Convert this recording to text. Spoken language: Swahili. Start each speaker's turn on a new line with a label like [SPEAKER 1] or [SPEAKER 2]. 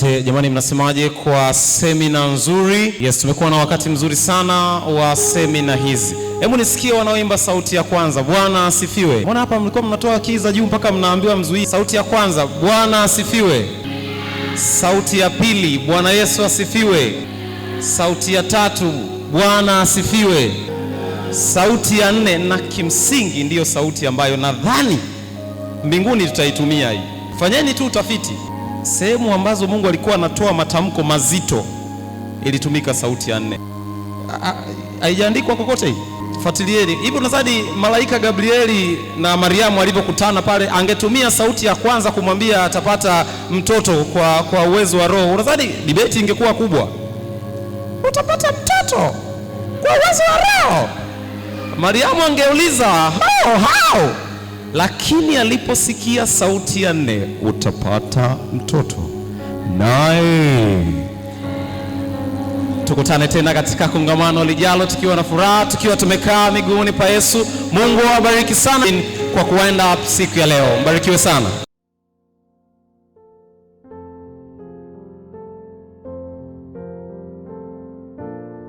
[SPEAKER 1] Asante jamani, mnasemaje kwa semina nzuri? Yes, tumekuwa na wakati mzuri sana wa semina hizi. Hebu nisikie wanaoimba sauti ya kwanza, Bwana asifiwe. Mbona hapa mlikuwa mnatoa kii za juu mpaka mnaambiwa mzuii? Sauti ya kwanza, Bwana asifiwe. Sauti ya pili, Bwana Yesu asifiwe. Sauti ya tatu, Bwana asifiwe. Sauti ya nne, na kimsingi ndiyo sauti ambayo nadhani mbinguni tutaitumia hii. Fanyeni tu utafiti sehemu ambazo Mungu alikuwa anatoa matamko mazito ilitumika sauti ya nne. Haijaandikwa kokote hii, fuatilieni hivi. Unadhani malaika Gabrieli na Mariamu alivyokutana pale, angetumia sauti ya kwanza kumwambia atapata mtoto kwa, kwa uwezo wa Roho, unadhani debate ingekuwa kubwa? Utapata mtoto kwa uwezo wa Roho. Mariamu angeuliza how how lakini aliposikia sauti ya nne, utapata mtoto naye. Tukutane tena katika kongamano lijalo, tukiwa na furaha, tukiwa tumekaa miguuni pa Yesu. Mungu awabariki sana kwa kuenda siku ya leo, mbarikiwe sana.